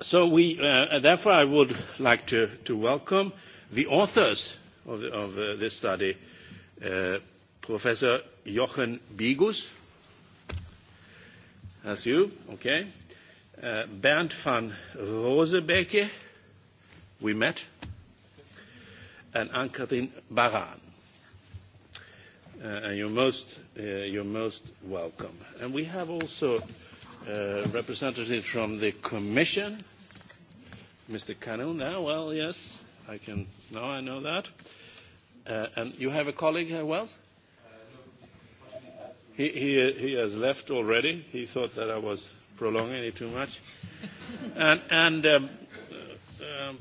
So we, uh, therefore, I would like to, to welcome the authors of, the, of uh, this study, uh, Professor Jochen Bigus. That's you, okay. Uh, Bernd van Rosebeke, we met, and Ann-Kathrin Baran. Uh, and you're most, uh, you're most welcome. And we have also representative from the Commission. Mr. Cano now? Well, yes, I can. Now I know that. Uh, and you have a colleague here, Wells? He, he, he has left already. He thought that I was prolonging it too much. and and um, um,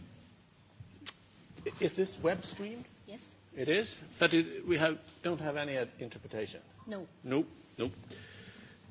is this web streamed? Yes. It is? But it, we have, don't have any interpretation? No. Nope, nope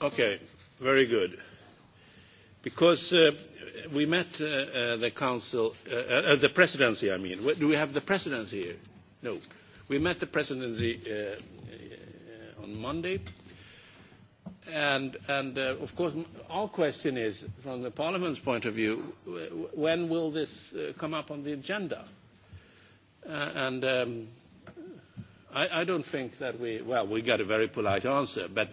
Okay, very good. Because uh, we met uh, uh, the council, uh, uh, the presidency, I mean. Do we have the presidency here? No. We met the presidency uh, uh, on Monday. And, and uh, of course, our question is, from the Parliament's point of view, when will this uh, come up on the agenda? Uh, and um, I, I don't think that we, well, we got a very polite answer, but uh,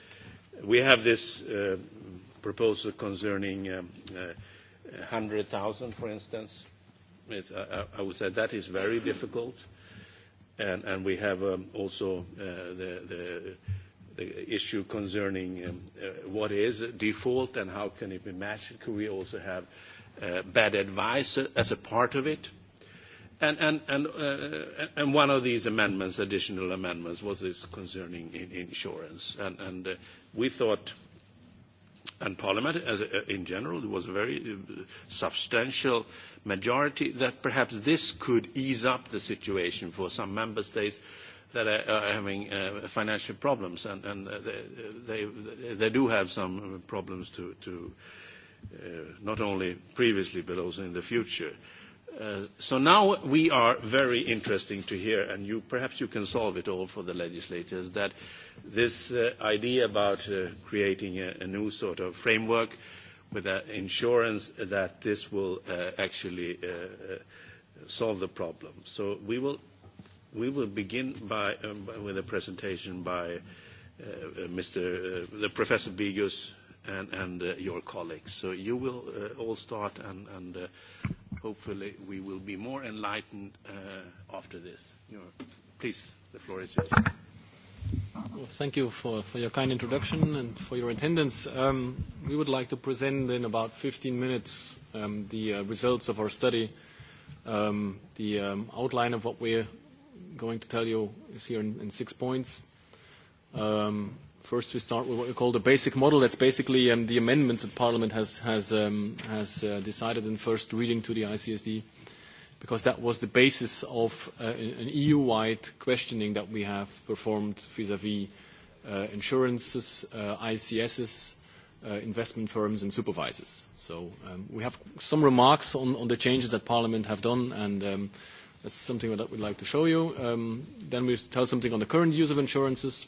We have this proposal concerning um, uh, 100,000, for instance. It's, I, I would say that is very difficult. And, and we have also uh, the, the, the issue concerning um, uh, what is default and how can it be matched. Could we also have uh, bad advice as a part of it? And, and, and, uh, and one of these amendments, additional amendments, was this concerning insurance. And, and uh, we thought, and Parliament as, uh, in general, there was a very substantial majority that perhaps this could ease up the situation for some member states that are, are having uh, financial problems, and, and they, they, they do have some problems to, to uh, not only previously but also in the future. Uh, So Now we are very interesting to hear, and you perhaps you can solve it all for the legislators, that this uh idea about uh creating a a new sort of framework with an insurance that this will uh actually uh solve the problem. So We will we will begin by um with a presentation by uh uh Mr. the Professor Bigus and your colleagues. So You will all start, and hopefully we will be more enlightened after this. Please, the floor is yours. Well, thank you for your kind introduction and for your attendance. We would like to present in about 15 minutes the results of our study. The outline of what we're going to tell you is here in six points. First, we start with what we call the basic model. That's basically the amendments that Parliament has decided in first reading to the ICSD, because that was the basis of an EU-wide questioning that we have performed vis-à-vis insurances, ICSs, investment firms, and supervisors. So we have some remarks on the changes that Parliament have done, and that's something that we'd like to show you. Then we tell something on the current use of insurances,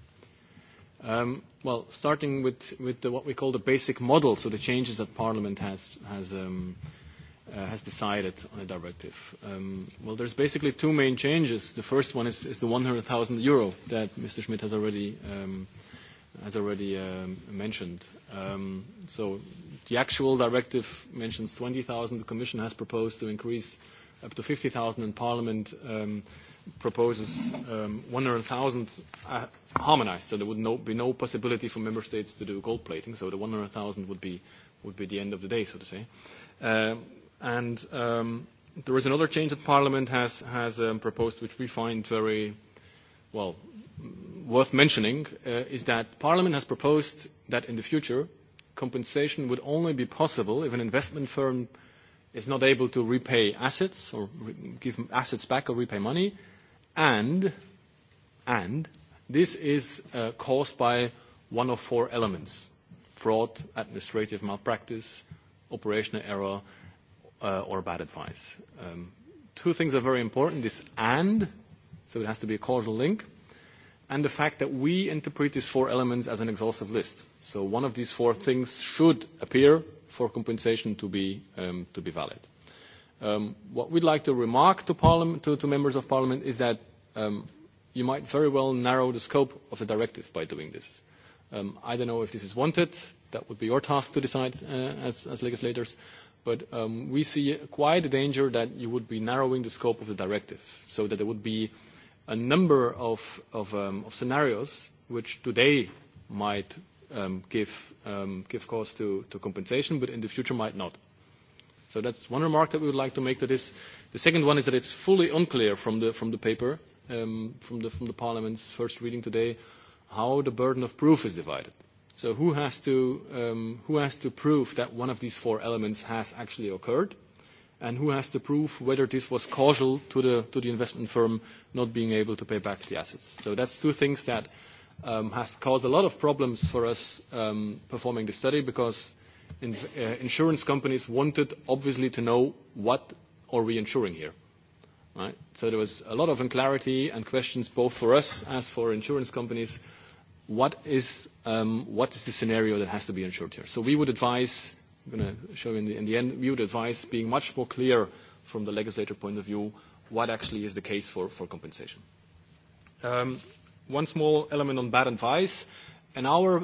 Um, well, starting with, with the, what we call the basic model, so the changes that Parliament has, has, um, uh, has decided on a directive. Um, well, there's basically two main changes. The first one is, is the 100,000 euro that Mr. Schmidt has already, um, has already um, mentioned. Um, so the actual directive mentions 20,000. The Commission has proposed to increase up to 50,000 in Parliament. Um, proposes um, 100,000 uh, harmonized, so there would no, be no possibility for member states to do gold plating. So the 100,000 would be would be the end of the day, so to say. Um, and um, there is another change that Parliament has has um, proposed, which we find very well worth mentioning, uh, is that Parliament has proposed that in the future compensation would only be possible if an investment firm is not able to repay assets or give assets back or repay money and and this is caused by one of four elements: fraud, administrative malpractice, operational error, or bad advice. Two things are very important, this and, so it has to be a causal link, and the fact that we interpret these four elements as an exhaustive list. So one of these four things should appear for compensation to be valid. What we'd like to remark to Parliament to members of parliament is that you might very well narrow the scope of the directive by doing this. I don't know if this is wanted. That would be your task to decide as legislators. But we see quite a danger that you would be narrowing the scope of the directive so that there would be a number of scenarios which today might give cause to compensation, but in the future might not. So that's one remark that we would like to make to this. The second one is that it's fully unclear from the, from the paper, um, from, the, from the Parliament's first reading today, how the burden of proof is divided. So who has to, um, who has to prove that one of these four elements has actually occurred? and who has to prove whether this was causal to the to the investment firm not being able to pay back the assets. So that's two things that um, has caused a lot of problems for us um, performing the study because insurance companies wanted, obviously, to know what are we insuring here, right? So there was a lot of unclarity and questions both for us as for insurance companies. What is what is the scenario that has to be insured here? So we would advise, I'm gonna show you in the end, we would advise being much more clear from the legislator point of view, what actually is the case for compensation. One small element on bad advice. In our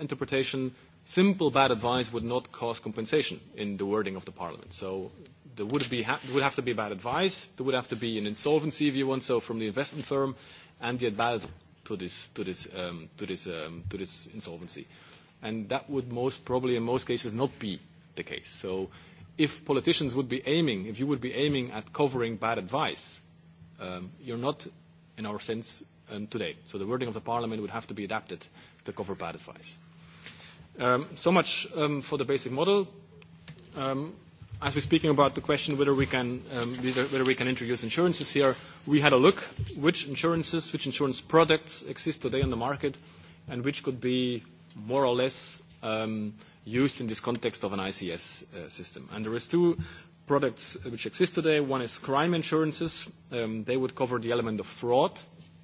interpretation, simple bad advice would not cause compensation in the wording of the parliament. So there would, be ha- would have to be bad advice, there would have to be an insolvency, if you want so, from the investment firm and the advice to this, to this, um, to this, um, to this insolvency. And that would most probably, in most cases, not be the case. So if politicians would be aiming, if you would be aiming at covering bad advice, um, you're not, in our sense, um, today. So the wording of the parliament would have to be adapted to cover bad advice. So much for the basic model. As we're speaking about the question whether we can introduce insurances here, we had a look which insurances, which insurance products exist today on the market, and which could be more or less used in this context of an ICS system. And there is two products which exist today. One is crime insurances. They would cover the element of fraud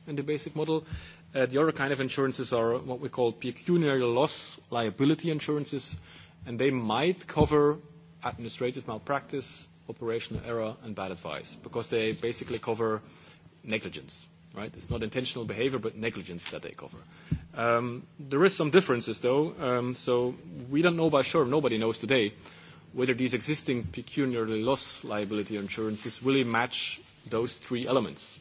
in the basic model, The other kind of insurances are what we call pecuniary loss liability insurances, and they might cover administrative malpractice, operational error, and bad advice because they basically cover negligence, right? It's not intentional behavior, but negligence that they cover. There is some differences, though. So we don't know by sure, nobody knows today, whether these existing pecuniary loss liability insurances really match those three elements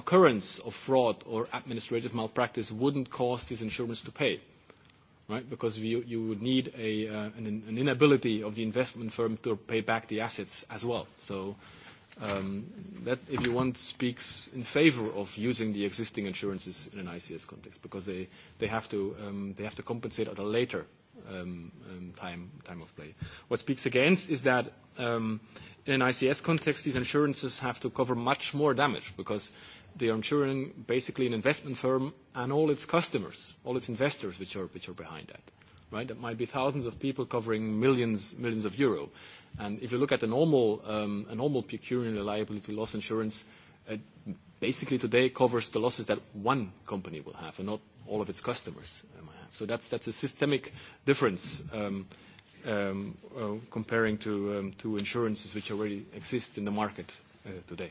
occurrence of fraud or administrative malpractice wouldn't cause these insurers to pay, right? Because you, you would need a, uh, an, an inability of the investment firm to pay back the assets as well. So um, that, if you want, speaks in favor of using the existing insurances in an ICS context because they, they, have, to, um, they have to compensate at a later um, um, time, time of play. What speaks against is that um, in an ICS context, these insurances have to cover much more damage because they are insuring basically an investment firm and all its customers, all its investors, which are which are behind that, right? That might be thousands of people covering millions millions of euro. And if you look at a normal um, a normal pecuniary liability loss insurance, it basically today covers the losses that one company will have, and not all of its customers might have. So that's that's a systemic difference. Um, um, uh, comparing to, um, to insurances which already exist in the market uh, today.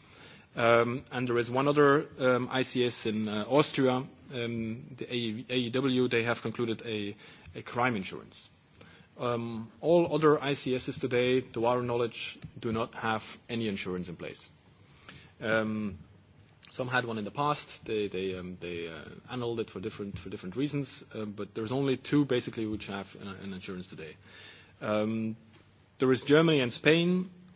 And there is one other ICS in Austria, the AEW, they have concluded a crime insurance. All other ICSs today, to our knowledge, do not have any insurance in place. Some had one in the past. They they um they uh annulled it for different for different reasons, but there's only two basically which have an insurance today. Um There is Germany and Spain,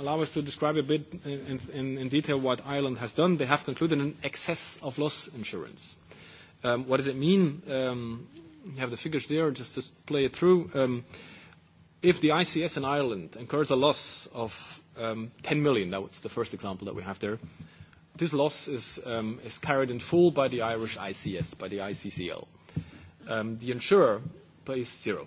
allow us to describe a bit in, in, in detail what Ireland has done. They have concluded an excess of loss insurance. Um, what does it mean? Um, you have the figures there, just to play it through. Um, if the ICS in Ireland incurs a loss of um, 10 million, that was the first example that we have there, this loss is, um, is carried in full by the Irish ICS, by the ICCL. Um, the insurer pays zero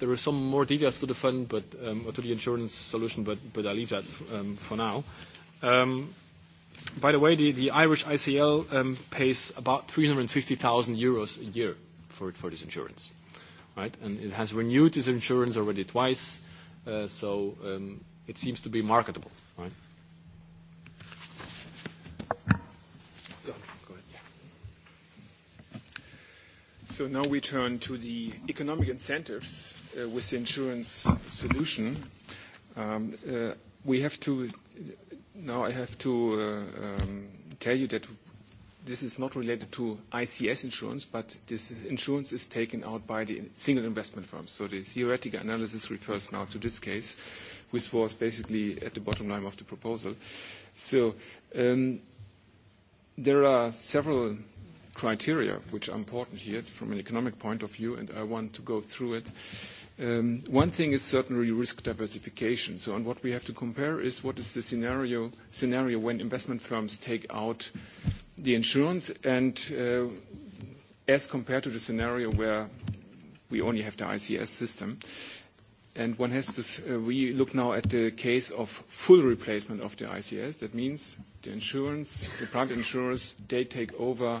There are some more details to the fund, but um, or to the insurance solution, but but I leave that um, for now. Um, by the way, the, the Irish ICL um, pays about 350,000 euros a year for for this insurance, right? And it has renewed this insurance already twice, uh, so um, it seems to be marketable, right? So now we turn to the economic incentives with the insurance solution. We have to now I have to tell you that this is not related to ICS insurance, but this insurance is taken out by the single investment firms. So the theoretical analysis refers now to this case, which was basically at the bottom line of the proposal. So there are several criteria which are important here from an economic point of view, and I want to go through it. One thing is certainly risk diversification. So and what we have to compare is what is the scenario when investment firms take out the insurance and as compared to the scenario where we only have the ICS system. And one has this, we look now at the case of full replacement of the ICS. That means the insurance, the private insurers, they take over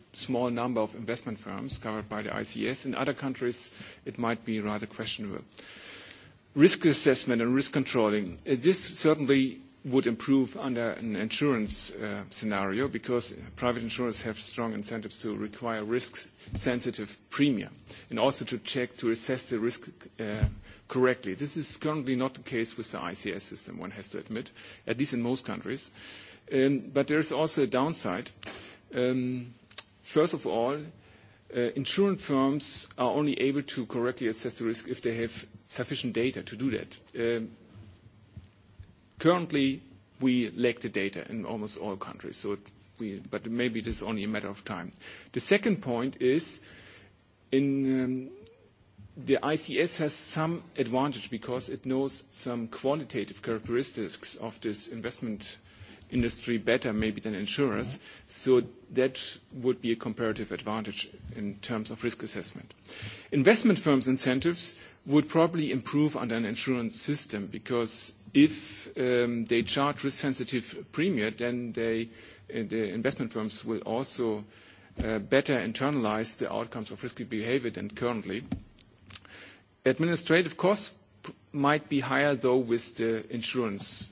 small number of investment firms covered by the ICS. In other countries, it might be rather questionable. Risk assessment and risk controlling. This certainly would improve under an insurance scenario because private insurers have strong incentives to require risk-sensitive premium and also to check, to assess the risk correctly. This is currently not the case with the ICS system, one has to admit, at least in most countries. But there is also a downside. Um First of all, insurance firms are only able to correctly assess the risk if they have sufficient data to do that. Currently, we lack the data in almost all countries, so we, but maybe it is only a matter of time. The second point is in the ICS has some advantage because it knows some qualitative characteristics of this investment industry better maybe than insurers. So that would be a comparative advantage in terms of risk assessment. Investment firms' incentives would probably improve under an insurance system because if they charge risk-sensitive premium, then the investment firms will also better internalize the outcomes of risky behavior than currently. Administrative costs might be higher, though, with the insurance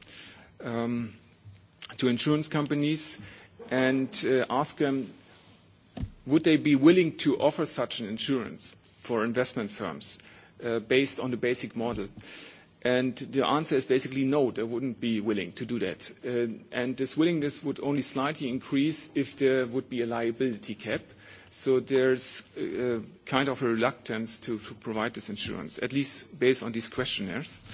to insurance companies and ask them would they be willing to offer such an insurance for investment firms based on the basic model. And the answer is basically no, they wouldn't be willing to do that. and this willingness would only slightly increase if there would be a liability cap. So there's a kind of a reluctance to, to provide this insurance, at least based on these questionnaires. Uh,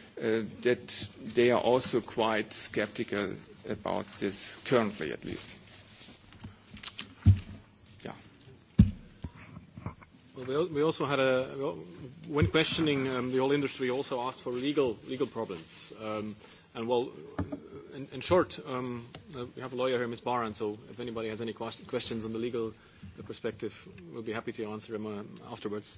that they are also quite skeptical about this currently, at least. Yeah. Well, we also had a... When questioning the oil industry, also asked for legal problems. And well, in short, we have a lawyer here, Ms. Baran, so if anybody has any questions on the legal perspective, we'll be happy to answer them afterwards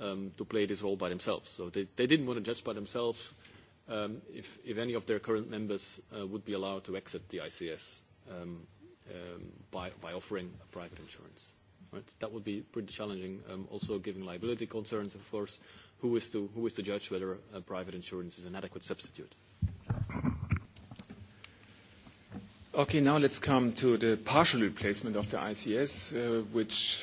um, to play this role by themselves. So they, they didn't want to judge by themselves um, if, if any of their current members uh, would be allowed to exit the ICS um, um, by, by offering a private insurance. Right? That would be pretty challenging, um, also giving liability concerns, of course. Who is to, who is to judge whether a private insurance is an adequate substitute? Okay, now let's come to the partial replacement of the ICS, which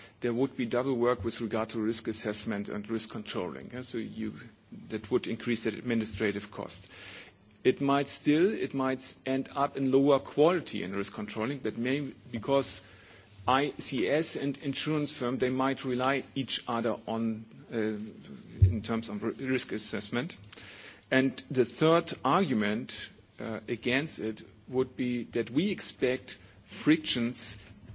there would be double work with regard to risk assessment and risk controlling. So you, that would increase that administrative cost. It might still, it might end up in lower quality in risk controlling. That may because ICS and insurance firm, they might rely each other on, in terms of risk assessment. And the third argument against it would be that we expect frictions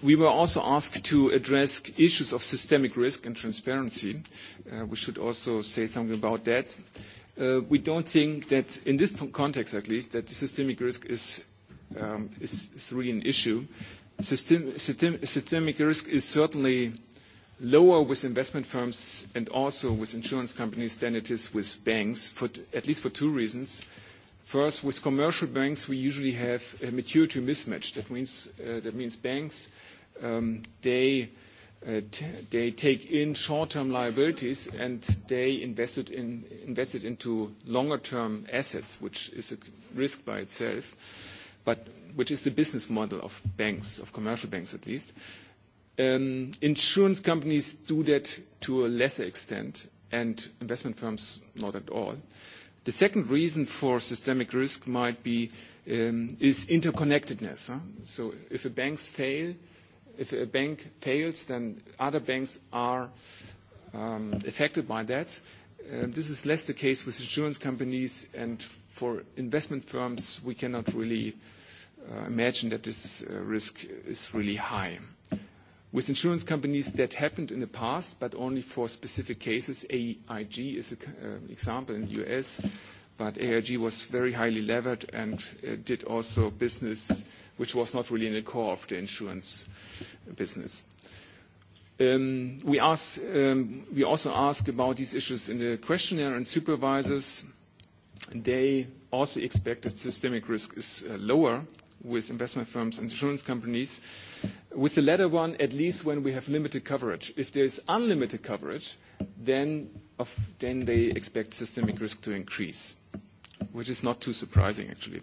We were also asked to address issues of systemic risk and transparency. We should also say something about that. We don't think that in this context, at least, that systemic risk is really an issue. Systemic risk is certainly lower with investment firms and also with insurance companies than it is with banks, for at least for two reasons. First, with commercial banks, we usually have a maturity mismatch. That means banks they take in short-term liabilities, and they invest it into longer-term assets, which is a risk by itself, but which is the business model of banks, of commercial banks at least. Insurance companies do that to a lesser extent, and investment firms not at all. The second reason for systemic risk might be is interconnectedness. So if a banks fail, if a bank fails, then other banks are affected by that. This is less the case with insurance companies, and for investment firms, we cannot really imagine that this risk is really high. With insurance companies, that happened in the past, but only for specific cases. AIG is an example in the U.S., but AIG was very highly levered and did also business which was not really in the core of the insurance business. We also ask about these issues in the questionnaire, and supervisors, they also expect that systemic risk is lower with investment firms and insurance companies. With the latter one, at least when we have limited coverage. If there is unlimited coverage, then they expect systemic risk to increase, which is not too surprising, actually.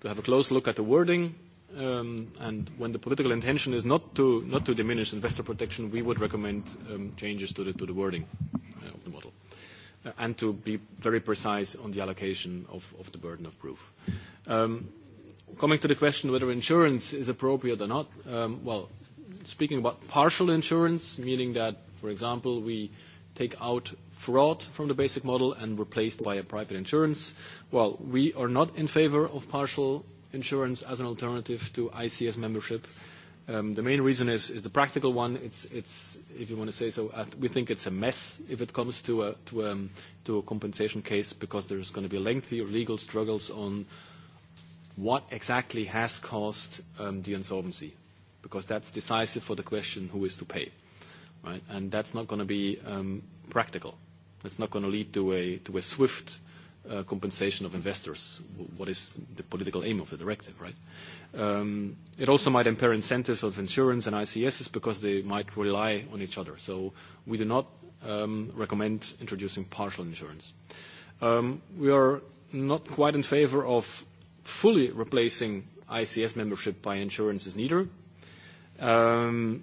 to have a close look at the wording. and when the political intention is not to, not to diminish investor protection, we would recommend um changes to the, to the wording of the model and to be very precise on the allocation of, of the burden of proof. coming to the question whether insurance is appropriate or not, um well, speaking about partial insurance, meaning that, for example, we take out fraud from the basic model and replaced by a private insurance. Well, we are not in favor of partial insurance as an alternative to ICS membership. The main reason is the practical one. It's, if you wanna say so, we think it's a mess if it comes to a compensation case because there is gonna be lengthy legal struggles on what exactly has caused the insolvency, because that's decisive for the question who is to pay right? And that's not going to be um, practical. It's not going to lead to a, to a swift uh, compensation of investors, what is the political aim of the directive, right? Um, it also might impair incentives of insurance and ICSs because they might rely on each other. So we do not um, recommend introducing partial insurance. Um, we are not quite in favor of fully replacing ICS membership by insurances neither. Um,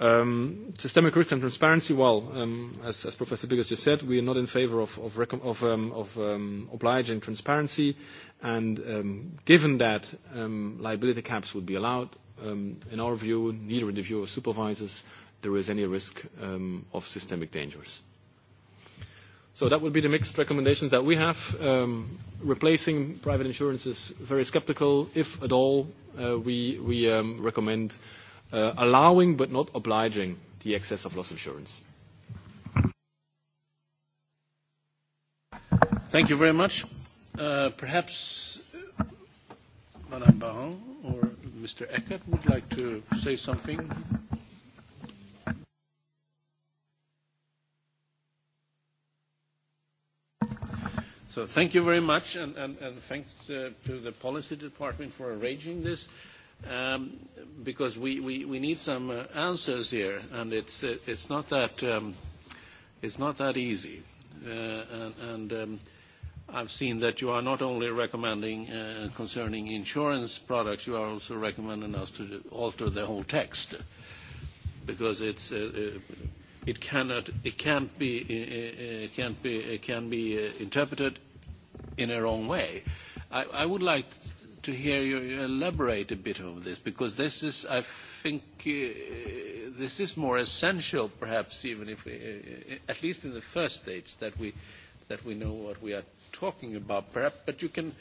Um, systemic risk and transparency, well, um, as, as Professor Biggers just said, we are not in favor of, of, of, um, of um, obliging transparency. And um, given that um, liability caps would be allowed, um, in our view, neither in the view of supervisors, there is any risk um, of systemic dangers. So that would be the mixed recommendations that we have. Um, replacing private insurance is very skeptical. If at all, uh, we, we um, recommend allowing but not obliging the excess of loss insurance. Thank you very much. perhaps Madame Baron or Mr. Eckert would like to say something. So thank you very much, and, and, and thanks uh, to the policy department for arranging this because we we we need some uh answers here, and it's it's not that um it's not that easy. Uh And um I've seen that you are not only recommending uh concerning insurance products, you are also recommending us to alter the whole text because it's uh it cannot it can't be it can't be it can be interpreted in a wrong way. I I would like to hear you elaborate a bit on this, because this is, I think, this is more essential, perhaps, even if we, at least in the first stage, that we that we know what we are talking about, perhaps. But you can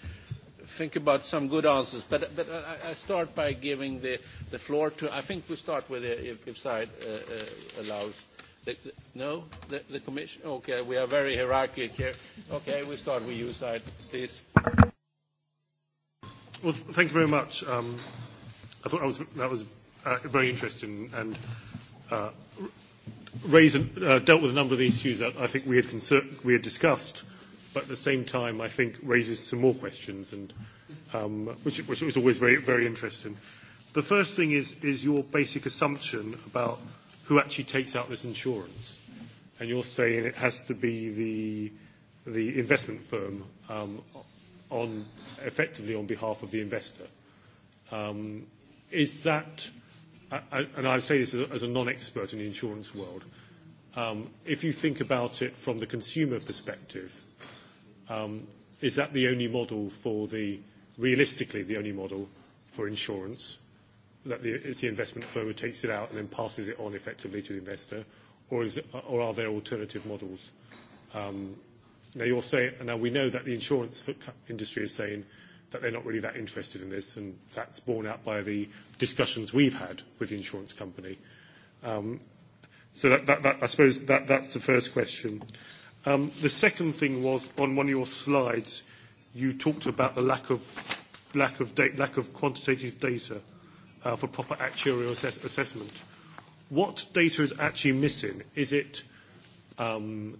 think about some good answers. But but I I start by giving the the floor to... I think we start with, if if side allows. No? The the commission? Okay, we are very hierarchic here. Okay, we start with you, side, please. Well, thank you very much. Um, I thought that was, that was uh, very interesting and uh, raised and, uh, dealt with a number of the issues that I think we had, concer- we had discussed, but at the same time, I think raises some more questions, and um, which, which was always very, very interesting. The first thing is, is your basic assumption about who actually takes out this insurance. And you're saying it has to be the, the investment firm um, on effectively on behalf of the investor. is that, and I say this as a non-expert in the insurance world, um, if you think about it from the consumer perspective, um, is that the only model for the, realistically the only model for insurance, that the, it's the investment firm who takes it out and then passes it on effectively to the investor, or, is, or are there alternative models um, Now you're saying, and now we know that the insurance industry is saying that they're not really that interested in this, and that's borne out by the discussions we've had with the insurance company. Um, so that, that, that, I suppose that, that's the first question. Um, the second thing was on one of your slides, you talked about the lack of lack of, lack of quantitative data uh, for proper actuarial assess- assessment. What data is actually missing? Is it um,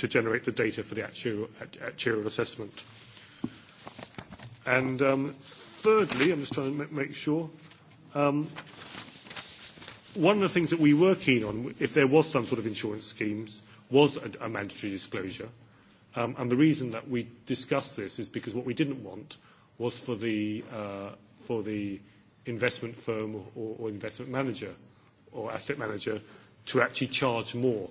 to generate the data for the actuarial assessment. And um, thirdly, I'm just trying to make sure, um, one of the things that we were keen on, if there was some sort of insurance schemes, was a, a mandatory disclosure. Um, and the reason that we discussed this is because what we didn't want was for the, uh, for the investment firm or, or investment manager or asset manager to actually charge more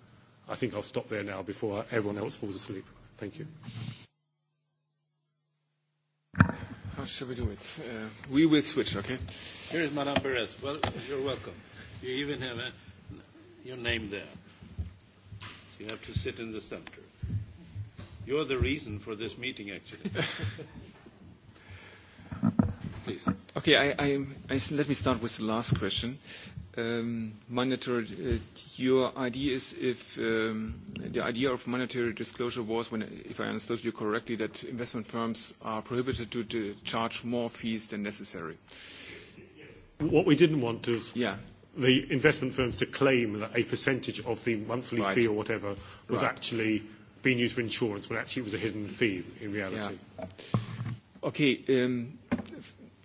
I think I'll stop there now before everyone else falls asleep. Thank you. How should we do it? Uh, we will switch, okay? Here is Madame Perez. Well, you're welcome. You even have a, your name there. you have to sit in the center. You're the reason for this meeting, actually please. Okay, I I let me start with the last question. uh your idea is if the idea of mandatory disclosure was when, if I understood you correctly, that investment firms are prohibited to charge more fees than necessary. What we didn't want is- Yeah the investment firms to claim that a percentage of the monthly fee or whatever was actually being used for insurance when actually it was a hidden fee in reality. Okay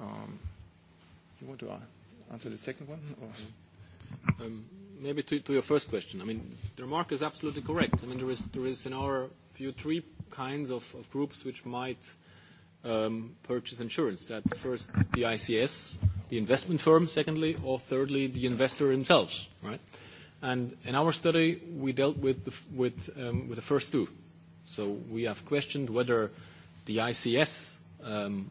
Um, you want to answer the second one? Or? Um, maybe to, to your first question. I mean, the remark is absolutely correct. I mean, there is, there is in our view three kinds of, of groups which might um, purchase insurance. That first, the ICS, the investment firm, secondly, or thirdly, the investor himself, right? And in our study, we dealt with the, with, um, with the first two. So we have questioned whether the ICS um,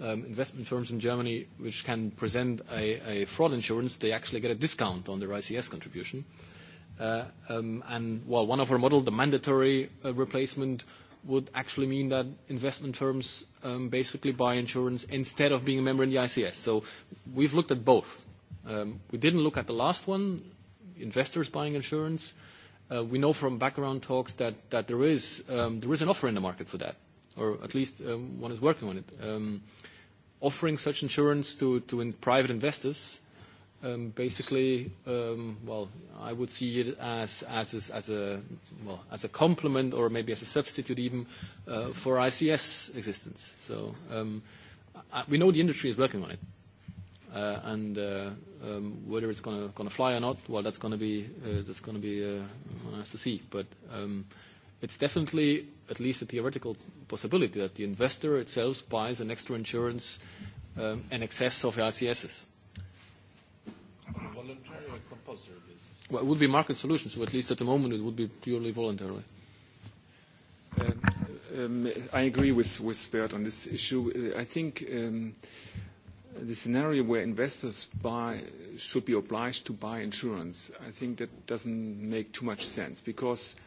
investment firms in Germany which can present a fraud insurance, they actually get a discount on their ICS contribution. And while one of our model, the mandatory replacement, would actually mean that investment firms basically buy insurance instead of being a member in the ICS. So we've looked at both. We didn't look at the last one, investors buying insurance. We know from background talks that there is an offer in the market for that, or at least one is working on it offering such insurance to, to private investors, um, basically, um, well, I would see it as, as, as, a, well, as a complement or maybe as a substitute even uh, for ICS existence. So um, I, we know the industry is working on it. Uh, and uh, um, whether it's gonna fly or not, well, that's gonna be, uh, that's be uh, one has to see. But um, it's definitely, at least a theoretical possibility that the investor itself buys an extra insurance in excess of ICSs. Voluntary or compulsory basis? Well, it would be market solutions, so at least at the moment it would be purely voluntary. I agree with, with Bert on this issue. I think the scenario where investors buy should be obliged to buy insurance, I think that doesn't make too much sense because –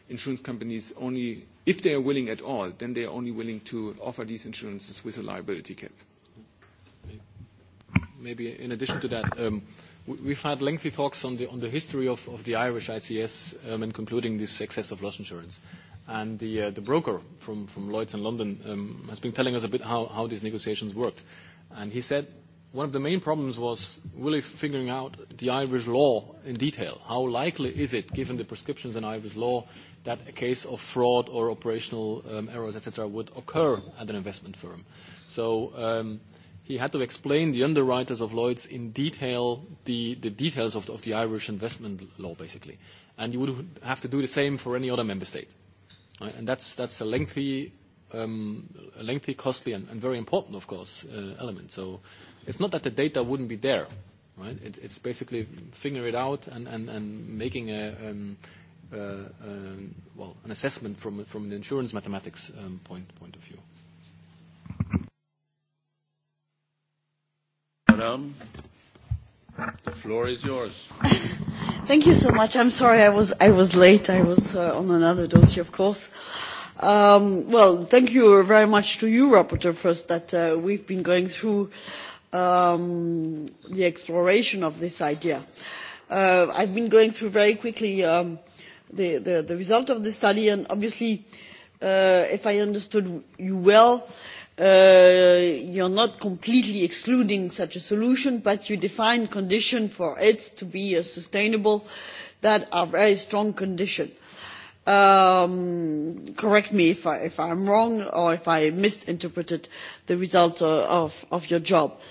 insurance companies only, if they are willing at all, then they are only willing to offer these insurances with a liability cap. Maybe in addition to that, we've had lengthy talks on the history of the Irish ICS and concluding this excess of loss insurance. And the broker from Lloyd's in London has been telling us a bit how these negotiations worked. And he said one of the main problems was really figuring out the Irish law in detail. How likely is it, given the prescriptions in Irish law, that a case of fraud or operational errors, etc., would occur at an investment firm. So he had to explain the underwriters of Lloyd's in detail the, the details of the, of the Irish investment law, basically. And you would have to do the same for any other member state. Right? And that's, that's a lengthy, um, a lengthy costly, and, and very important, of course, uh, element. So it's not that the data wouldn't be there. Right? It, it's basically figuring it out and, and, and making a, um, well, an assessment from, from an insurance mathematics um, point, point of view. madam the floor is yours. Thank you so much. I'm sorry I was, I was late. I was uh, on another dossier, of course. Um, well, thank you very much to you, Rapporteur, first, that uh, we've been going through um, the exploration of this idea. Uh, I've been going through very quickly um, – the, the, the result of the study, and obviously, uh, if I understood you well, uh, you're not completely excluding such a solution, but you define condition for it to be a sustainable that are very strong condition. Um, correct me if, I, if I'm wrong or if I misinterpreted the result uh, of, of your job. Uh,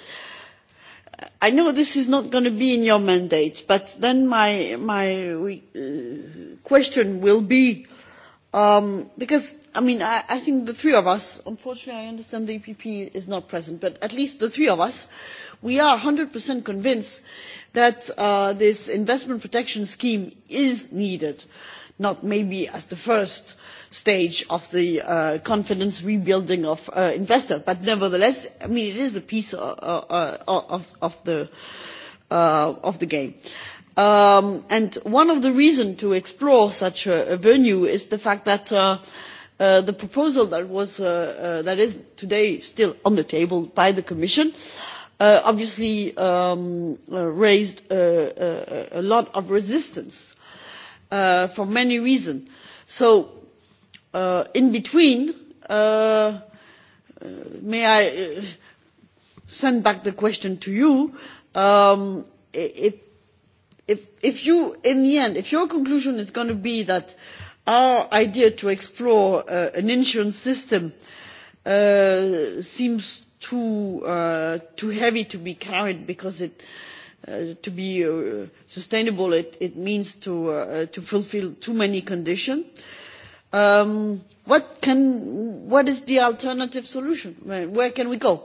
I know this is not going to be in your mandate, but then my, my uh, question will be, um, because, I mean, I, I think the three of us, unfortunately I understand the EPP is not present, but at least the three of us, we are 100% convinced that uh, this investment protection scheme is needed, not maybe as the first stage of the confidence rebuilding of investors. But nevertheless, I mean, it is a piece of the game. And one of the reasons to explore such a venue is the fact that the proposal that is today still on the table by the commission obviously raised a lot of resistance for many reasons. so uh, in between, uh, may I uh, send back the question to you? Um, if, if, if you, in the end, if your conclusion is going to be that our idea to explore uh, an insurance system uh, seems too, uh, too heavy to be carried because it uh, to be uh, sustainable, it, it means to, uh, to fulfill too many conditions. Uh, Um, what can, what is the alternative solution? Where, where can we go?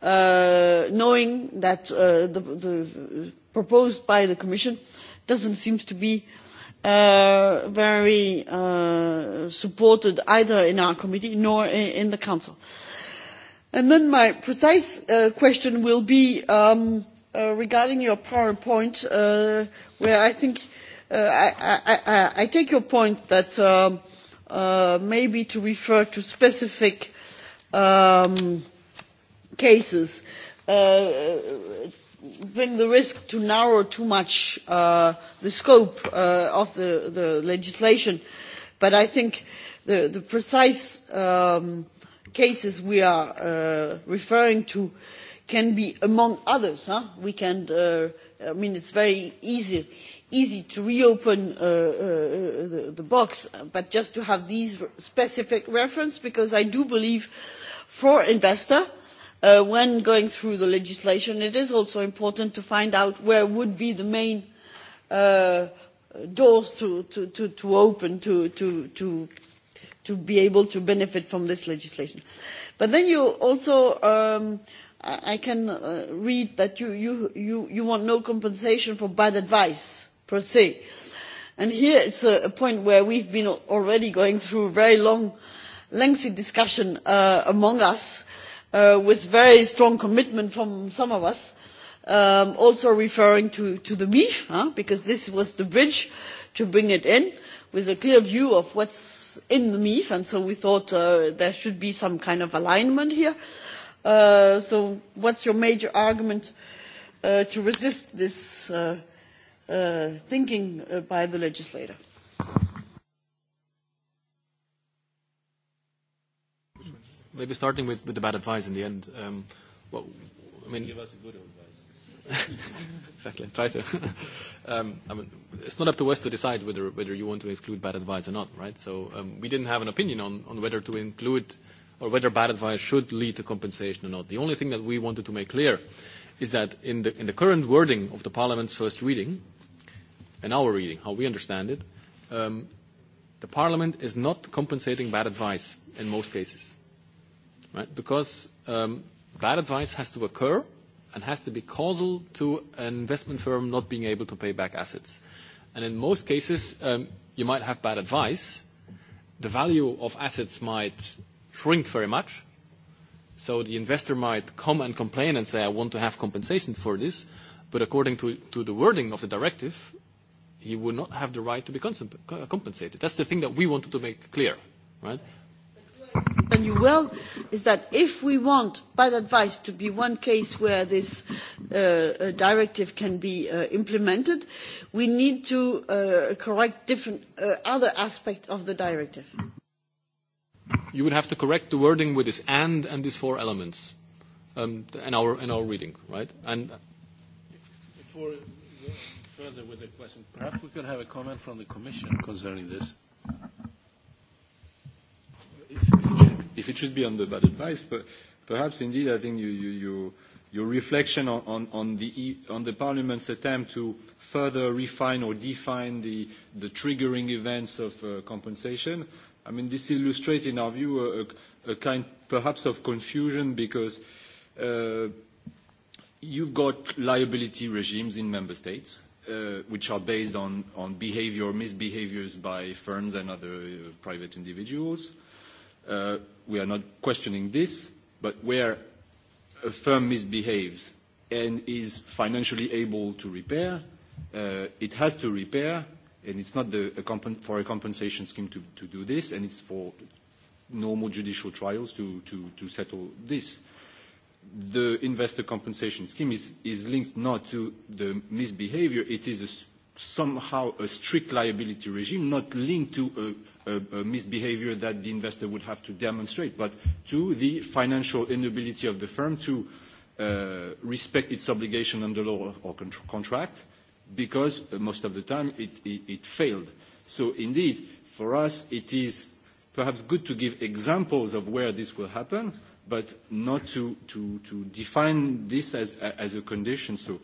Uh, knowing that uh, the, the proposed by the Commission doesn't seem to be uh, very uh, supported either in our committee nor in, in the Council. And then my precise uh, question will be um, uh, regarding your PowerPoint, uh, where I think I, I, I take your point that maybe to refer to specific um, cases uh, bring the risk to narrow too much uh, the scope uh, of the, the legislation. But I think the, the precise um, cases we are uh, referring to can be among others. Huh? We can, uh, I mean, it's very easy easy to reopen the box but just to have these specific references because i do believe for investors when going through the legislation it is also important to find out where would be the main doors to open to be able to benefit from this legislation. but then you also i can read that you want no compensation for bad advice per se. And here it's a, a point where we've been already going through a very long, lengthy discussion among us with very strong commitment from some of us, also referring to, to the MIF, because this was the bridge to bring it in with a clear view of what's in the MIF, and so we thought there should be some kind of alignment here. so so what's your major argument to resist this thinking by the legislator. Maybe starting with, with the bad advice in the end. Um, what, I mean, give us a good advice. exactly. Try to. um, I mean, it's not up to us to decide whether whether you want to exclude bad advice or not, right? So um, we didn't have an opinion on, on whether to include or whether bad advice should lead to compensation or not. The only thing that we wanted to make clear is that in the, in the current wording of the Parliament's first reading, in our reading, how we understand it, um, the parliament is not compensating bad advice in most cases, right? Because um, bad advice has to occur and has to be causal to an investment firm not being able to pay back assets. And in most cases, um, you might have bad advice. The value of assets might shrink very much. So the investor might come and complain and say, I want to have compensation for this. But according to, to the wording of the directive, he would not have the right to be compensated. That's the thing that we wanted to make clear, right? And you will is that if we want bad advice to be one case where this uh directive can be uh implemented, we need to uh correct different uh other aspects of the directive. You would have to correct the wording with this and and these four elements, um, in our in our reading, right? And uh, further with the question. Perhaps we could have a comment from the Commission concerning this. If it should be on the bad advice, but perhaps indeed, I think your reflection on the Parliament's attempt to further refine or define the triggering events of compensation, I mean, this illustrates, in our view, a kind perhaps of confusion because you've got liability regimes in member states which are based on, on behavior, misbehaviors by firms and other private individuals. we are not questioning this, but where a firm misbehaves and is financially able to repair, it has to repair, and it's not the, a for a compensation scheme to, to do this, and it's for normal judicial trials to, to, to settle this the investor compensation scheme is, is linked not to the misbehavior, it is a, somehow a strict liability regime, not linked to a, a, a misbehavior that the investor would have to demonstrate, but to the financial inability of the firm to uh, respect its obligation under law or con- contract, because most of the time it, it, it failed. So indeed, for us, it is perhaps good to give examples of where this will happen, but not to, to, to define this as, as a condition. So,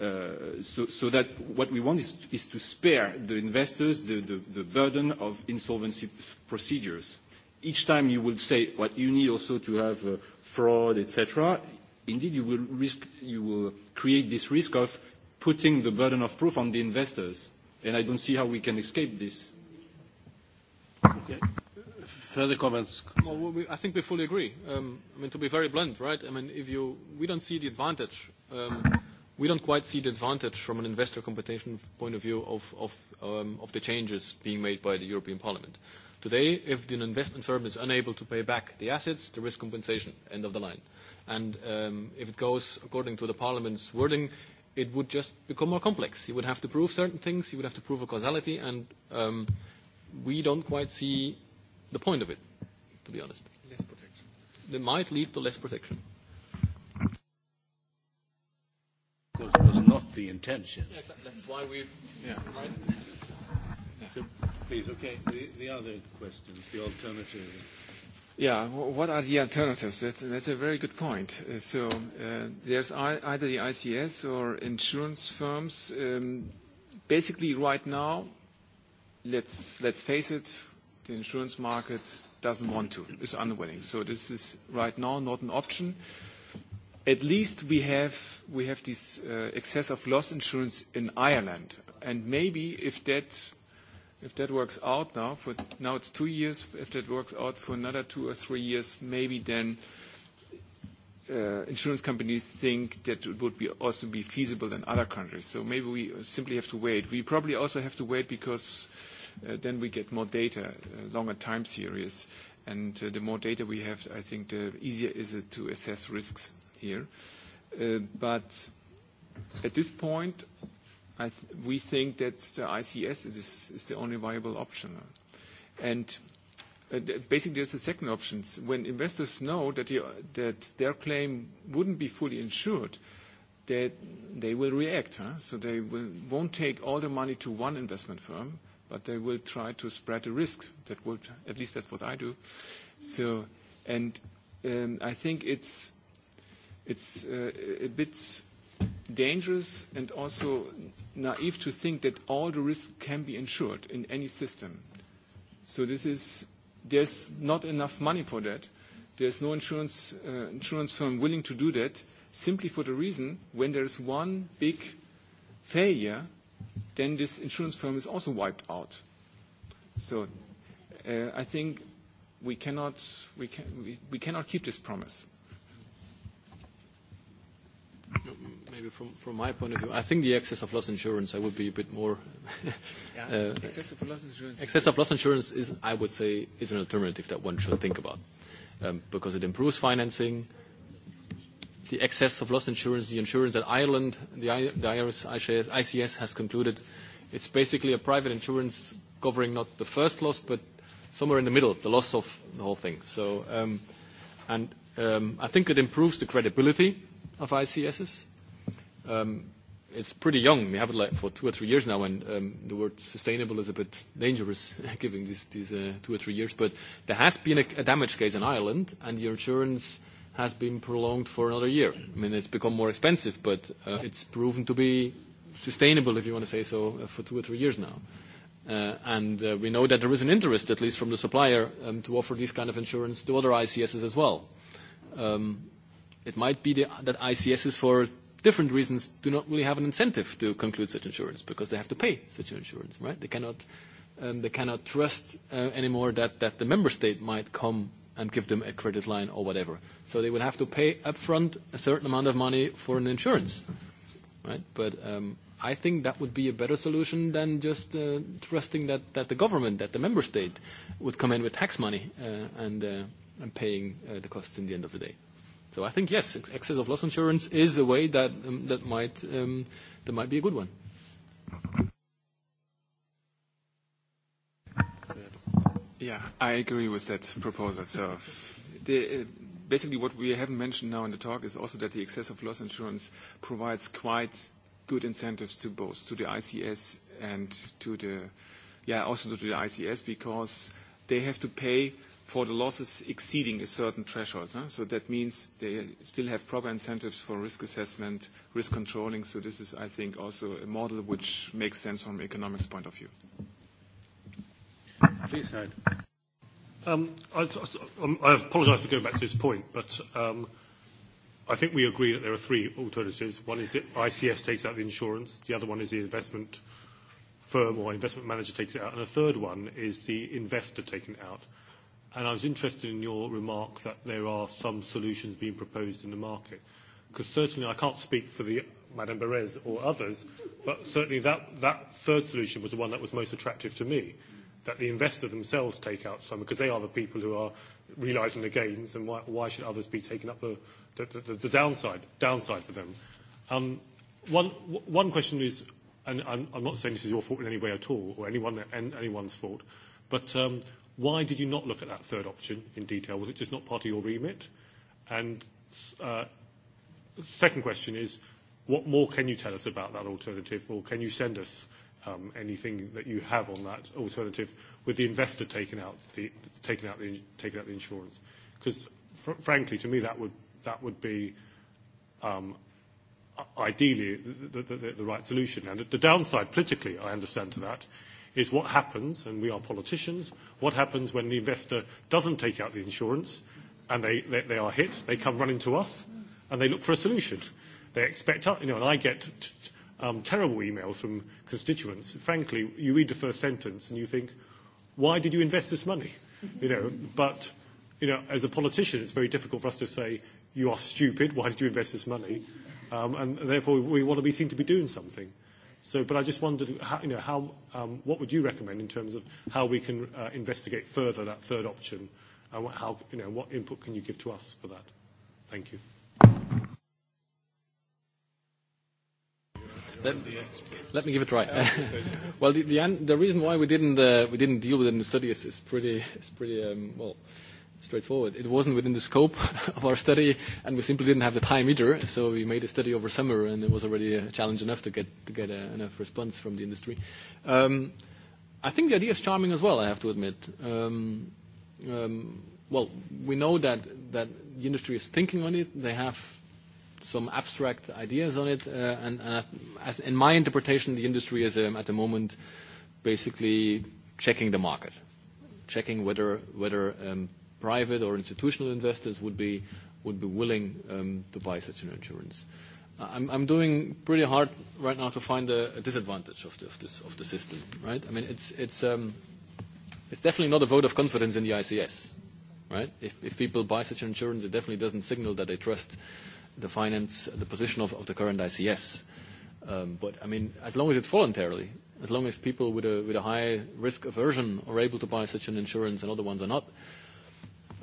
uh, so, so that what we want is, is to spare the investors the, the, the burden of insolvency procedures. Each time you will say what you need also to have uh, fraud, etc., indeed you will, risk, you will create this risk of putting the burden of proof on the investors. And I don't see how we can escape this. Okay. Further comments? Well, we, I think we fully agree. Um, I mean, to be very blunt, right? I mean, if you, we don't see the advantage. Um, we don't quite see the advantage from an investor competition point of view of, of, um, of the changes being made by the European Parliament. Today, if an investment firm is unable to pay back the assets, there is compensation, end of the line. And um, if it goes according to the Parliament's wording, it would just become more complex. You would have to prove certain things, you would have to prove a causality, and um, we don't quite see the point of it, to be honest. Less protection. They might lead to less protection. Because it was not the intention. Yeah, exactly. That's why we. Yeah. Right? So, please, okay. The, the other questions, the alternative. Yeah, what are the alternatives? That's, that's a very good point. So uh, there's either the ICS or insurance firms. Um, basically, right now, let's let's face it, the insurance market doesn't want to, is unwilling. So this is right now not an option. At least we have we have this excess of loss insurance in Ireland, and maybe if that if that works out now, for now it's two years. If that works out for another two or three years, maybe then insurance companies think that it would be also be feasible in other countries. So maybe we simply have to wait. We probably also have to wait because then we get more data, longer time series. And the more data we have, I think the easier is it to assess risks here. But at this point, I th we think that the ICS is is the only viable option. And basically, there's a second option. When investors know that the that their claim wouldn't be fully insured, that they will react, huh? So they will won't take all the money to one investment firm but they will try to spread a risk. That would, at least that's what I do. So, and um, I think it's it's uh, a bit dangerous and also naive to think that all the risks can be insured in any system. So this is there's not enough money for that. There's no insurance uh, insurance firm willing to do that simply for the reason when there's one big failure then this insurance firm is also wiped out. So uh, I think we cannot, we, can, we, we cannot keep this promise. Maybe from, from my point of view, I think the excess of loss insurance, I would be a bit more. yeah, excess of loss insurance. Excess of loss insurance is, I would say, is an alternative that one should think about um, because it improves financing the excess of loss insurance, the insurance that Ireland, the ICS has concluded. It's basically a private insurance covering not the first loss, but somewhere in the middle, the loss of the whole thing. So, and I think it improves the credibility of ICSs. It's pretty young. We have it, like, for two or three years now, and the word sustainable is a bit dangerous, given these two or three years. But there has been a damage case in Ireland, and the insurance has been prolonged for another year. I mean, it's become more expensive, but uh, it's proven to be sustainable, if you want to say so, uh, for two or three years now. Uh, and uh, we know that there is an interest, at least from the supplier, um, to offer this kind of insurance to other ICSs as well. Um, it might be the, that ICSs, for different reasons, do not really have an incentive to conclude such insurance because they have to pay such insurance, right? They cannot, um, they cannot trust uh, anymore that, that the member state might come and give them a credit line or whatever. So they would have to pay upfront a certain amount of money for an insurance, right? But um, I think that would be a better solution than just uh, trusting that, that the government, that the member state, would come in with tax money uh, and, uh, and paying uh, the costs in the end of the day. So I think yes, excess of loss insurance is a way that um, that might um, that might be a good one. Yeah, I agree with that proposal. So the, basically what we haven't mentioned now in the talk is also that the excess of loss insurance provides quite good incentives to both, to the ICS and to the, yeah, also to the ICS because they have to pay for the losses exceeding a certain threshold. So that means they still have proper incentives for risk assessment, risk controlling. So this is, I think, also a model which makes sense from an economics point of view. Please, Howard. I, apologize apologise for going back to this point, but I think we agree that there are three alternatives. One is that ICS takes out the insurance, the other one is the investment firm or investment manager takes it out, and a third one is the investor taking it out. And I was interested in your remark that there are some solutions being proposed in the market, because certainly I can't speak for the Madame Berès or others, but certainly that that third solution was the one that was most attractive to me that the investor themselves take out some, because they are the people who are realizing the gains, and why, why should others be taking up the, the, the, the downside, downside for them? Um, one, one question is, and I'm, I'm not saying this is your fault in any way at all, or anyone, anyone's fault, but um, why did you not look at that third option in detail? Was it just not part of your remit? And uh, second question is, what more can you tell us about that alternative, or can you send us um anything that you have on that alternative with the investor taking out the taking out the taking out the insurance. Because fr frankly, to me, that would that would be um ideally the the the right solution. And the downside politically, I understand to that, is what happens, and we are politicians, what happens when the investor doesn't take out the insurance and they they they are hit, they come running to us, and they look for a solution. They expect us. You know, and I get um, terrible emails from constituents. Frankly, you read the first sentence and you think, why did you invest this money? You know, but you know, as a politician, it's very difficult for us to say, you are stupid, why did you invest this money? Um, and therefore, we want to be seen to be doing something. So, but I just wondered, how, you know, how, um, what would you recommend in terms of how we can uh, investigate further that third option? And what, how, you know, what input can you give to us for that? Thank you. Let, me give it a try. well, the, the, the reason why we didn't uh, we didn't deal with it in the study is, is pretty is pretty um, well straightforward. It wasn't within the scope of our study, and we simply didn't have the time either. So we made a study over summer, and it was already a challenge enough to get to get a, enough response from the industry. Um, I think the idea is charming as well. I have to admit. Um, um, well, we know that that the industry is thinking on it. They have some abstract ideas on it. and and as in my interpretation, the industry is um, at the moment basically checking the market, checking whether whether um, private or institutional investors would be would be willing um, to buy such an insurance. I'm, I'm doing pretty hard right now to find a, a disadvantage of, the, of this of the system. Right? I mean, it's it's um, it's definitely not a vote of confidence in the ICS. Right? If, if people buy such an insurance, it definitely doesn't signal that they trust the finance, the position of, of the current ICS. Um, but I mean, as long as it's voluntarily, as long as people with a, with a high risk aversion are able to buy such an insurance and other ones are not,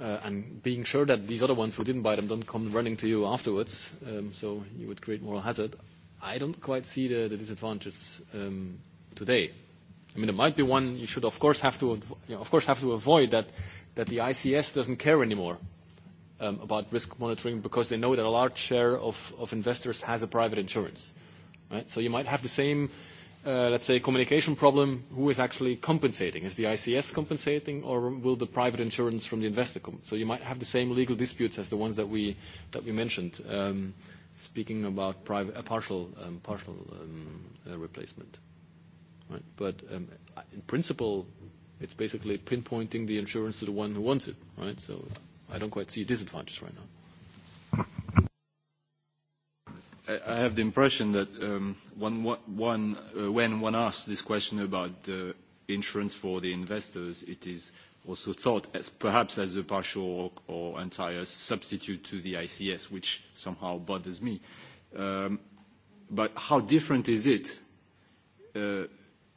uh, and being sure that these other ones who didn't buy them don't come running to you afterwards, um, so you would create moral hazard, I don't quite see the, the disadvantages um, today. I mean, there might be one you should, of course, have to, you know, of course, have to avoid that, that the ICS doesn't care anymore about risk monitoring because they know that a large share of investors has a private insurance, right? So you might have the same, let's say, communication problem. Who is actually compensating? Is the ICS compensating, or will the private insurance from the investor come? So you might have the same legal disputes as the ones that we mentioned, speaking about private partial replacement, right? But in principle, it's basically pinpointing the insurance to the one who wants it, right? So I don't quite see a disadvantage right now. I have the impression that um one one uh when one asks this question about insurance for the investors, it is also thought as perhaps as a partial or entire substitute to the ICS, which somehow bothers me. Um But how different is it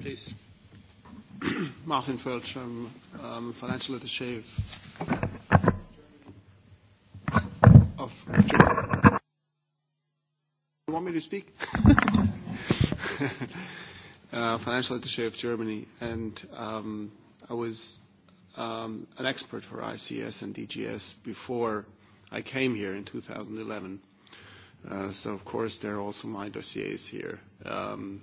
Please. Martin Fölsch, I'm um, financial attaché of Germany. You want me to speak? uh, financial attaché of Germany, and um, I was um, an expert for ICS and DGS before I came here in 2011. Uh, so, of course, there are also my dossiers here. Um,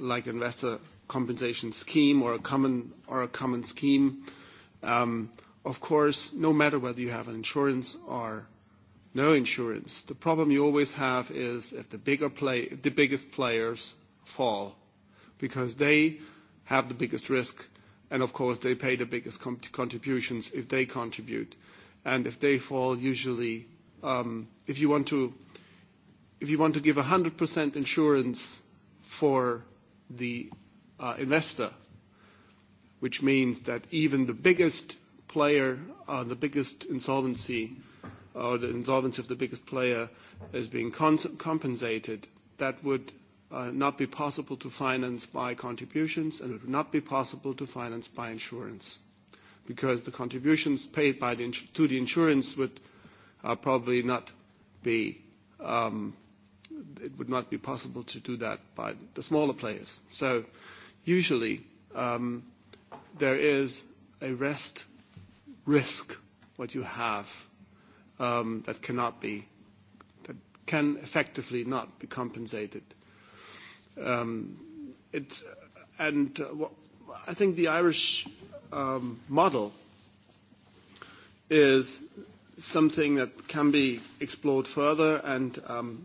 like investor compensation scheme or a common or a common scheme. Um, of course, no matter whether you have an insurance or no insurance, the problem you always have is if the bigger play, the biggest players fall, because they have the biggest risk, and of course they pay the biggest com- contributions if they contribute, and if they fall, usually, um, if you want to, if you want to give 100% insurance for the uh, investor, which means that even the biggest player, the biggest insolvency, or the insolvency of the biggest player is being compensated, that would uh, not be possible to finance by contributions and it would not be possible to finance by insurance because the contributions paid by the, to the insurance would probably not be um, – it would not be possible to do that by the smaller players. So usually um, there is a rest risk, what you have, um, that cannot be, that can effectively not be compensated. Um, it, and uh, well, I think the Irish um, model is something that can be explored further and um,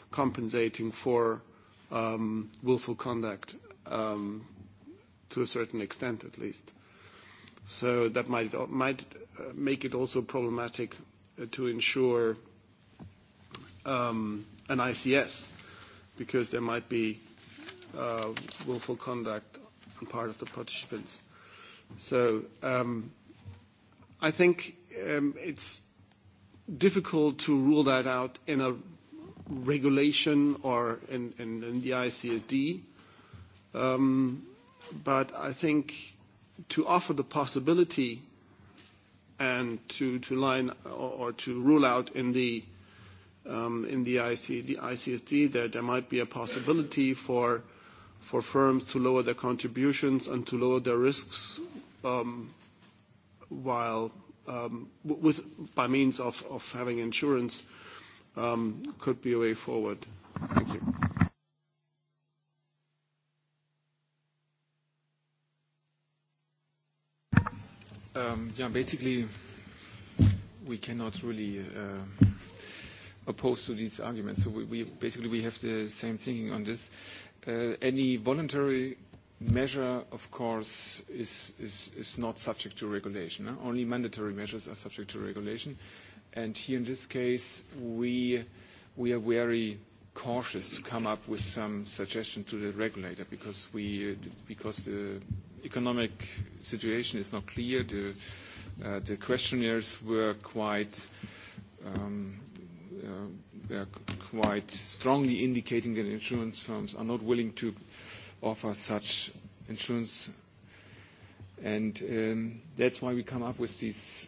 compensating for um, willful conduct um, to a certain extent, at least. So that might might make it also problematic to ensure um, an ICS because there might be uh, willful conduct on part of the participants. So um, I think um, it's difficult to rule that out in a regulation or in in the ICSD. But I think to offer the possibility and to to line or to rule out in the in the ICSD that there might be a possibility for for firms to lower their contributions and to lower their risks while with by means of of having insurance um, could be a way forward. Thank you. yeah, basically, we cannot really oppose to these arguments. So we, basically we have the same thinking on this. any voluntary measure, of course, is, not subject to regulation. Only mandatory measures are subject to regulation. And here in this case, we we are very cautious to come up with some suggestion to the regulator because we because the economic situation is not clear. The uh, the questionnaires were quite um, uh, quite strongly indicating that insurance firms are not willing to offer such insurance. And um, that's why we come up with these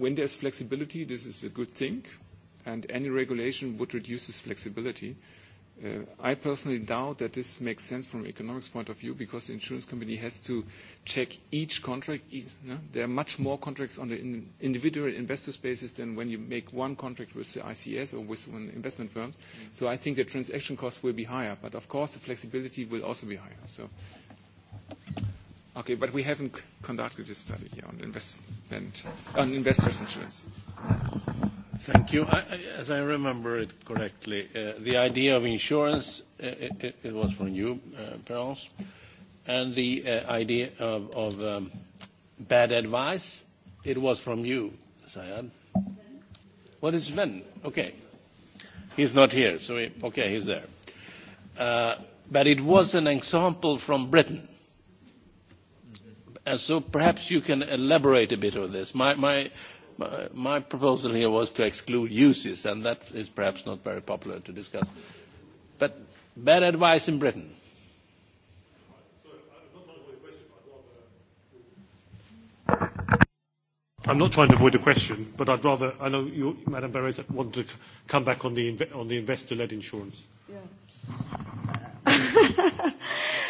When there's flexibility, this is a good thing, and any regulation would reduce this flexibility. I personally doubt that this makes sense from an economics point of view because the insurance company has to check each contract. There are much more contracts on the individual investor spaces than when you make one contract with the ICS or with one investment firms. So I think the transaction cost will be higher, but of course, the flexibility will also be higher. Okay, but we haven't conducted this study here on investment, on investors insurance. Thank you. I As I remember it correctly, the idea of insurance, it it was from you, Perence, and the idea of of bad advice, it was from you, Sayad. What is Sven? Okay. He's not here, so he okay, he's there. But it was an example from Britain so perhaps you can elaborate a bit on this. My, my, my proposal here was to exclude uses, and that is perhaps not very popular to discuss. But bad advice in Britain. I'm not trying to avoid a question, but I'd rather, I know you, Madam Beres want to come back on the, on the investor-led insurance. Yeah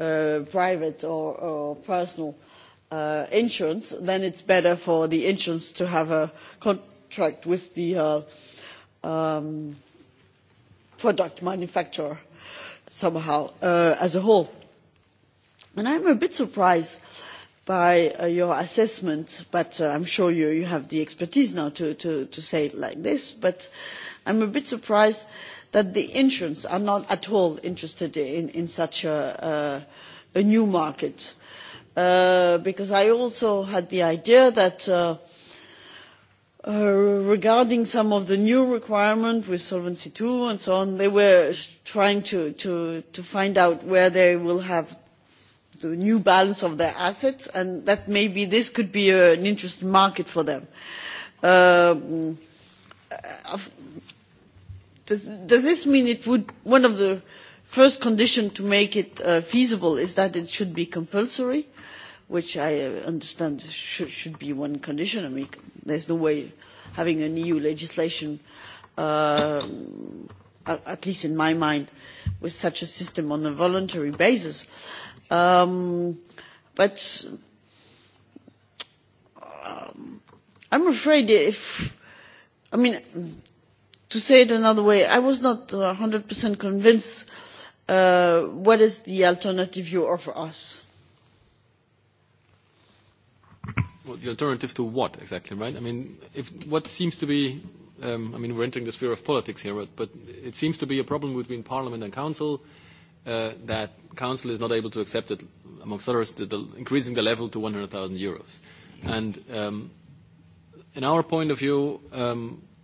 uh, private or, or personal uh, insurance, then it's better for the insurance to have a contract with the uh, um, product manufacturer somehow uh, as a whole. And I'm a bit surprised by uh, your assessment, but uh, I'm sure you, you have the expertise now to, to, to say it like this, but I'm a bit surprised that the insurance are not at all interested in such a new market because i also had the idea that regarding some of the new requirements with solvency ii and so on they were trying to find out where they will have the new balance of their assets and that maybe this could be an interesting market for them Does, does this mean it would, one of the first conditions to make it uh, feasible is that it should be compulsory, which I uh, understand should, should be one condition. I mean, there's no way having an EU legislation, uh, at least in my mind, with such a system on a voluntary basis. Um, but um, I'm afraid if, I mean, to say it another way, I was not one 100% convinced uh, what is the alternative you offer us. Well, the alternative to what exactly, right? I mean, if what seems to be, um, I mean, we're entering the sphere of politics here, but, but it seems to be a problem between Parliament and Council uh, that Council is not able to accept it, amongst others, the, the, increasing the level to 100,000 euros. And um, in our point of view, um,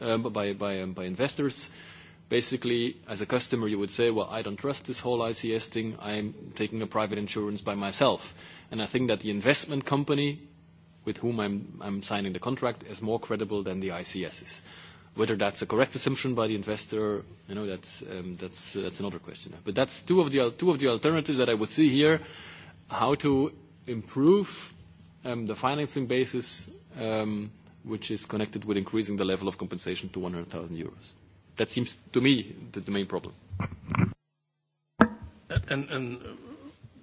by investors. Basically, as a customer, you would say, "Well, I don't trust this whole ICS thing. I'm taking a private insurance by myself." And I think that the investment company with whom I'm signing the contract is more credible than the ICS's. Whether that's a correct assumption by the investor, you know, that's another question. But that's two of the alternatives that I would see here, how to improve the financing basis which is connected with increasing the level of compensation to 100,000 euros. That seems to me the, the main problem.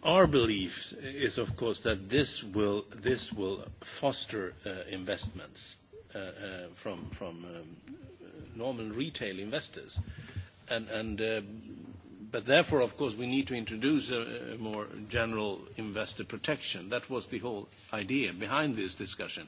our belief is, of course, that this will, this will foster uh, investments uh, uh, from, from um, normal retail investors. And, and, uh, but therefore, of course, we need to introduce a, more general investor protection. That was the whole idea behind this discussion.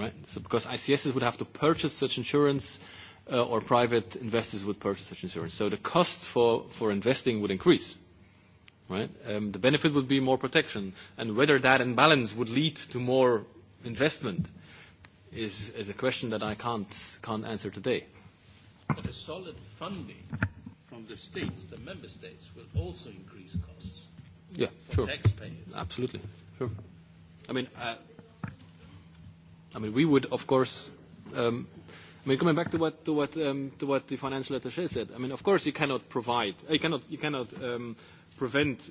right? So because ICSs would have to purchase such insurance, uh, or private investors would purchase such insurance. So the cost for, for investing would increase, right? Um, the benefit would be more protection, and whether that imbalance would lead to more investment is, is a question that I can't, can't answer today. But the solid funding from the states, the member states, will also increase costs. Yeah, for Taxpayers. Absolutely, sure. I mean, I mean, we would, of course, um, I mean, coming back to what to what um, to what the financial attaché said. I mean, of course, you cannot provide, you cannot you cannot um, prevent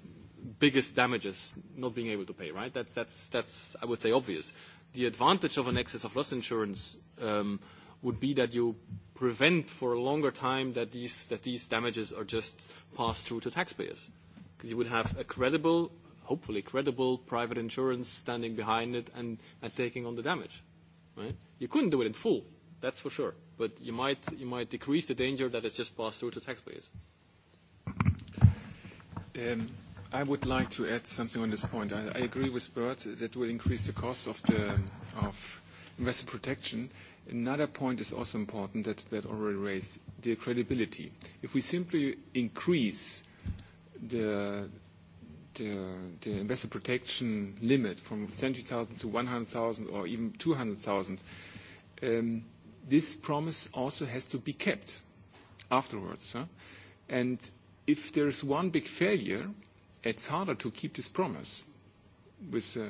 biggest damages not being able to pay, right? That's that's that's I would say obvious. The advantage of an excess of loss insurance um, would be that you prevent for a longer time that these that these damages are just passed through to taxpayers, 'Cause you would have a credible, hopefully credible private insurance standing behind it and, and taking on the damage. Right? You couldn't do it in full, that's for sure, but you might, you might decrease the danger that is just passed through to taxpayers. Um, I would like to add something on this point. I, I agree with Bert that will increase the cost of, the, of investor protection. Another point is also important that Bert already raised, the credibility. If we simply increase the the investor protection limit from 70,000 to 100,000 or even 200,000, this promise also has to be kept afterwards. And if there is one big failure, it's harder to keep this promise with a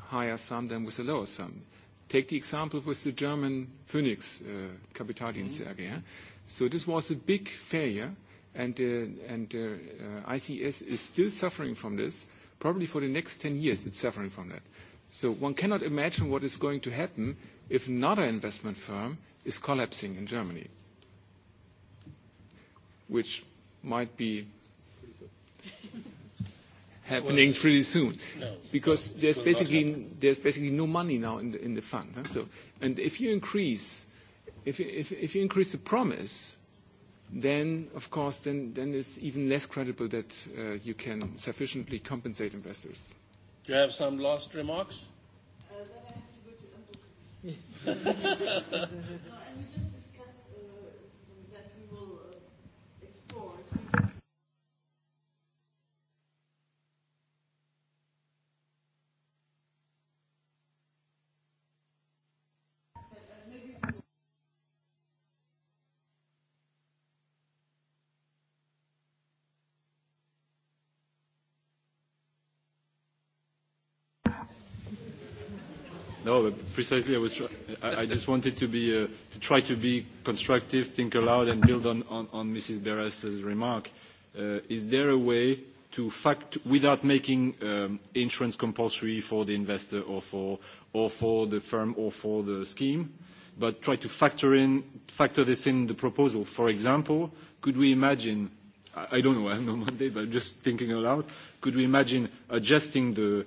higher sum than with a lower sum. Take the example with the German Phoenix Kapitaldienstleistung. So this was a big failure, and ICS is still suffering from this. Probably for the next 10 years, it's suffering from that. So one cannot imagine what is going to happen if another investment firm is collapsing in Germany, which might be happening pretty soon. Because there's basically there's basically no money now in the in the fund. So, and If you increase if if you increase the promise then of course then it's even less credible that you can sufficiently compensate investors. Do you have some last remarks? I have to go to No, I would just No, but precisely, I was. Try- I, I just wanted to be uh, to try to be constructive, think aloud, and build on on, on Mrs. Beres's remark. Uh, is there a way to fact without making um, insurance compulsory for the investor or for or for the firm or for the scheme, but try to factor in factor this in the proposal? For example, could we imagine? I, I don't know. I have no Monday, but I'm just thinking aloud. Could we imagine adjusting the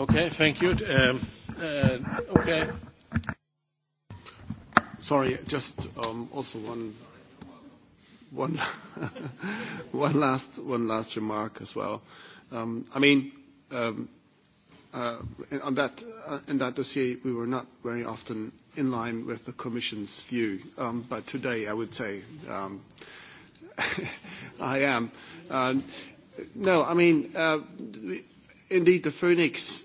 Okay, thank you. Okay. Sorry, just also one last remark as well. I mean, on that, in that dossier, we were not very often in line with the Commission's view. But today, I would say, I am. No, I mean, indeed, the Phoenix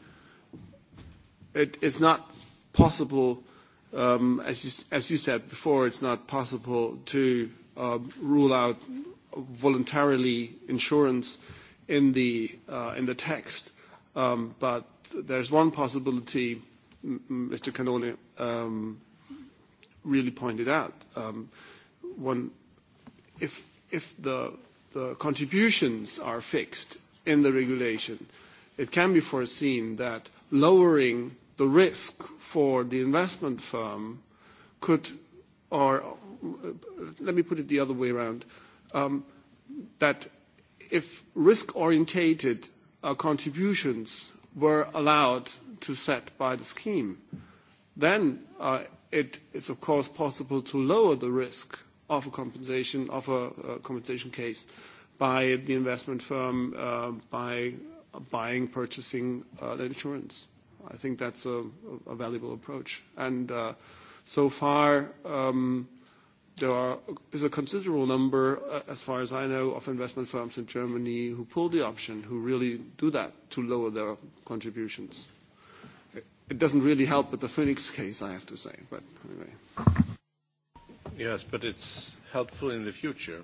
it is not possible, as, you, as you said before, it's not possible to rule out voluntarily insurance in the in the text. but there's one possibility, Mr. Canone really pointed out. if if the the contributions are fixed in the regulation, it can be foreseen that lowering the risk for the investment firm could, or let me put it the other way around, um, that if risk-orientated uh, contributions were allowed to set by the scheme, then uh, it is of course possible to lower the risk of a compensation of a, a compensation case by the investment firm uh, by buying, purchasing uh, the insurance. I think that's a, a valuable approach. And uh, so far, um, there are, is a considerable number, uh, as far as I know, of investment firms in Germany who pull the option, who really do that to lower their contributions. It doesn't really help with the Phoenix case, I have to say. But anyway. Yes, but it's helpful in the future.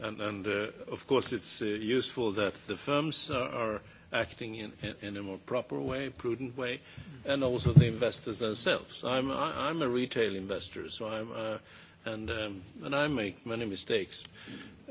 And, and uh, of course, it's uh, useful that the firms are, are – acting in, in a more proper way, prudent way, and also the investors themselves. I'm, I, I'm a retail investor, so I'm, uh, and, um, and I make many mistakes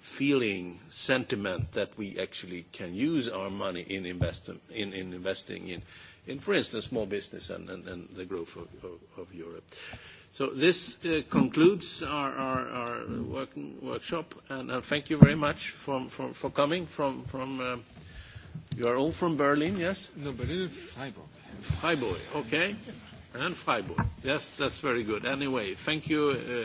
feeling, sentiment that we actually can use our money in, invest, in, in investing in, in, for instance, small business and, and, and the growth of, of, of Europe. So this uh, concludes our, our, our working workshop, and uh, thank you very much from, for coming from, from uh, you are all from Berlin, yes? No, Berlin, Freiburg. Freiburg, okay. And Freiburg. Yes, that's very good. Anyway, thank you. Uh,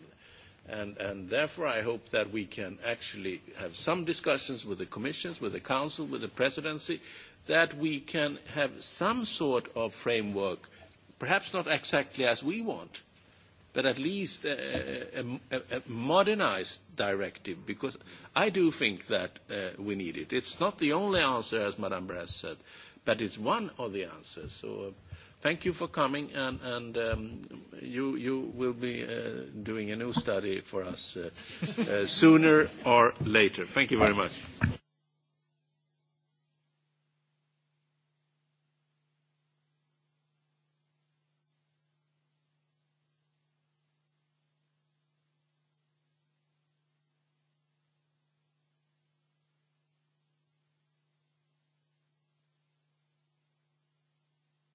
And, and therefore, I hope that we can actually have some discussions with the commissions, with the council, with the presidency, that we can have some sort of framework, perhaps not exactly as we want, but at least a, a, a modernized directive, because I do think that uh, we need it. It's not the only answer, as Madame Bress said, but it's one of the answers. So. Uh, Thank you for coming, and and um you you will be uh doing a new study for us uh uh sooner or later. Thank you very much.